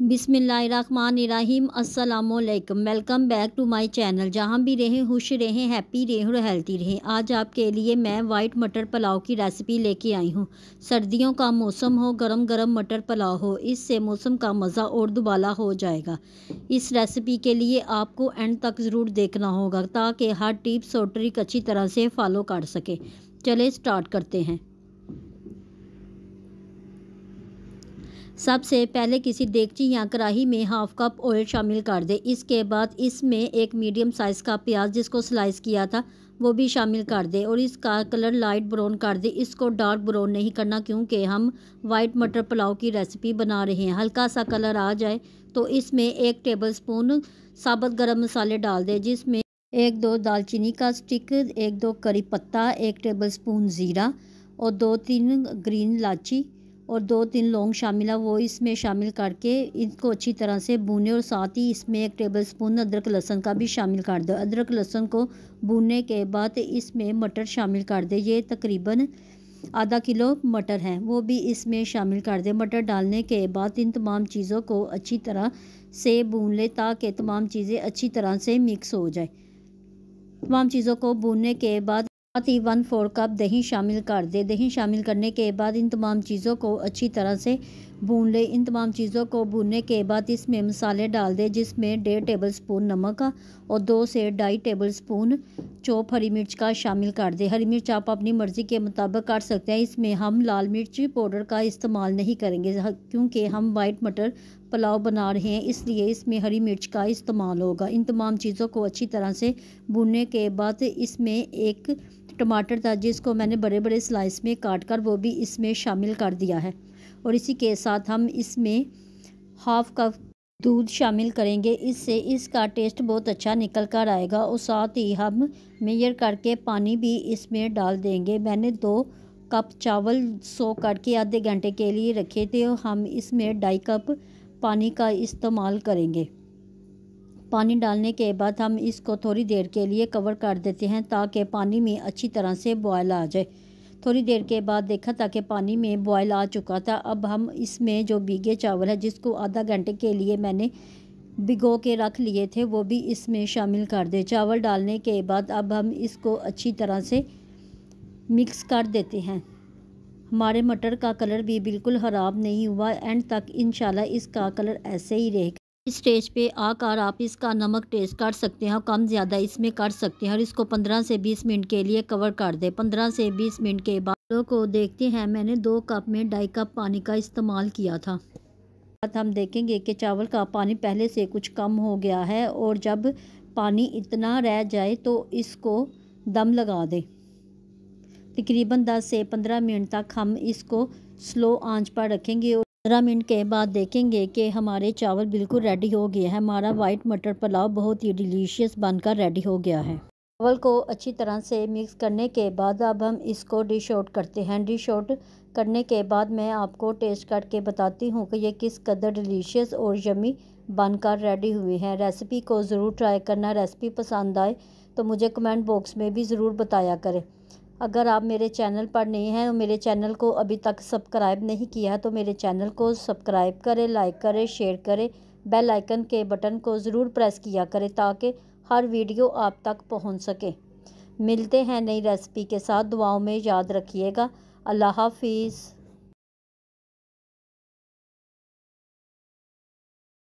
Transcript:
बिसमीम् अल्लाम welcome back to my channel जहाँ भी रहें खुश रहें हैप्पी रहें और हेल्थी रहें आज आपके लिए मैं वाइट मटर पुलाव की रेसिपी लेके आई हूँ सर्दियों का मौसम हो गरम गरम मटर पुलाव हो इससे मौसम का मज़ा और दुबाला हो जाएगा इस रेसिपी के लिए आपको एंड तक ज़रूर देखना होगा ताकि हर टिप्स और ट्रिक अच्छी तरह से फॉलो कर सकें चले स्टार्ट करते हैं सबसे पहले किसी देगची या कढ़ाही में हाफ कप ऑयल शामिल कर दें इसके बाद इसमें एक मीडियम साइज़ का प्याज जिसको स्लाइस किया था वो भी शामिल कर दें और इसका कलर लाइट ब्राउन कर दें इसको डार्क ब्राउन नहीं करना क्योंकि हम वाइट मटर पुलाव की रेसिपी बना रहे हैं हल्का सा कलर आ जाए तो इसमें एक टेबल स्पून साबुत गर्म मसाले डाल दें जिसमें एक दो दालचीनी का स्टिक एक दो करी पत्ता एक टेबल स्पून ज़ीरा और दो तीन ग्रीन इलायची और दो तीन लौंग शामिल है वो इसमें शामिल करके इनको अच्छी तरह से भूने और साथ ही इसमें एक टेबल स्पून अदरक लहसन का भी शामिल कर दो अदरक लहसन को भूनने के बाद इसमें मटर शामिल कर दे ये तकरीबन आधा किलो मटर हैं वो भी इसमें शामिल कर दे मटर डालने के बाद इन तमाम चीज़ों को अच्छी तरह से भून ले ताकि तमाम चीज़ें अच्छी तरह से मिक्स हो जाए तमाम चीज़ों को भूनने के बाद साथ ही वन फोर कप दही शामिल कर दे दही शामिल करने के बाद इन तमाम चीज़ों को अच्छी तरह से भून ले इन तमाम चीज़ों को भूनने के बाद इसमें मसाले डाल दें जिसमें डेढ़ टेबल स्पून नमक और दो से ढाई टेबल स्पून चौप हरी मिर्च का शामिल कर दें हरी मिर्च आप अपनी मर्ज़ी के मुताबिक काट सकते हैं इसमें हम लाल मिर्च पाउडर का इस्तेमाल नहीं करेंगे क्योंकि हम वाइट मटर पुलाव बना रहे हैं इसलिए इसमें हरी मिर्च का इस्तेमाल होगा इन तमाम चीज़ों को अच्छी तरह से भूनने के बाद इसमें एक टमाटर था जिसको मैंने बड़े बड़े स्लाइस में काट कर वो भी इसमें शामिल कर दिया है और इसी के साथ हम इसमें हाफ कप दूध शामिल करेंगे इससे इसका टेस्ट बहुत अच्छा निकल कर आएगा और साथ ही हम मेयर करके पानी भी इसमें डाल देंगे मैंने दो कप चावल सो करके आधे घंटे के लिए रखे थे और हम इसमें ढाई कप पानी का इस्तेमाल करेंगे पानी डालने के बाद हम इसको थोड़ी देर के लिए कवर कर देते हैं ताकि पानी में अच्छी तरह से बॉयल आ जाए थोड़ी देर के बाद देखा था कि पानी में बॉयल आ चुका था अब हम इसमें जो भीगे चावल है जिसको आधा घंटे के लिए मैंने भिगो के रख लिए थे वो भी इसमें शामिल कर दे चावल डालने के बाद अब हम इसको अच्छी तरह से मिक्स कर देते हैं हमारे मटर का कलर भी बिल्कुल ख़राब नहीं हुआ एंड तक इन इसका कलर ऐसे ही रहेगा स्टेज पे आकर आप इसका नमक टेस्ट कर सकते हैं कम ज़्यादा इसमें कर सकते हैं और इसको 15 से 20 मिनट के लिए कवर कर दे 15 से 20 मिनट के बाद को देखते हैं मैंने दो कप में ढाई कप पानी का इस्तेमाल किया था बाद हम देखेंगे कि चावल का पानी पहले से कुछ कम हो गया है और जब पानी इतना रह जाए तो इसको दम लगा दें तकरीबन दस से पंद्रह मिनट तक हम इसको स्लो आंच पर रखेंगे और पंद्रह मिनट के बाद देखेंगे कि हमारे चावल बिल्कुल रेडी हो गए हैं हमारा वाइट मटर पुलाव बहुत ही डिलीशियस बनकर रेडी हो गया है चावल को अच्छी तरह से मिक्स करने के बाद अब हम इसको डिश आउट करते हैं डिश आउट करने के बाद मैं आपको टेस्ट करके बताती हूँ कि ये किस कदर डिलीशियस और यमी बनकर रेडी हुई है रेसिपी को ज़रूर ट्राई करना रेसिपी पसंद आए तो मुझे कमेंट बॉक्स में भी ज़रूर बताया करें अगर आप मेरे चैनल पर नए हैं और मेरे चैनल को अभी तक सब्सक्राइब नहीं किया है तो मेरे चैनल को सब्सक्राइब करें लाइक करें शेयर करें बेल आइकन के बटन को ज़रूर प्रेस किया करें ताकि हर वीडियो आप तक पहुंच सके मिलते हैं नई रेसिपी के साथ दुआओं में याद रखिएगा अल्लाह हाफिज़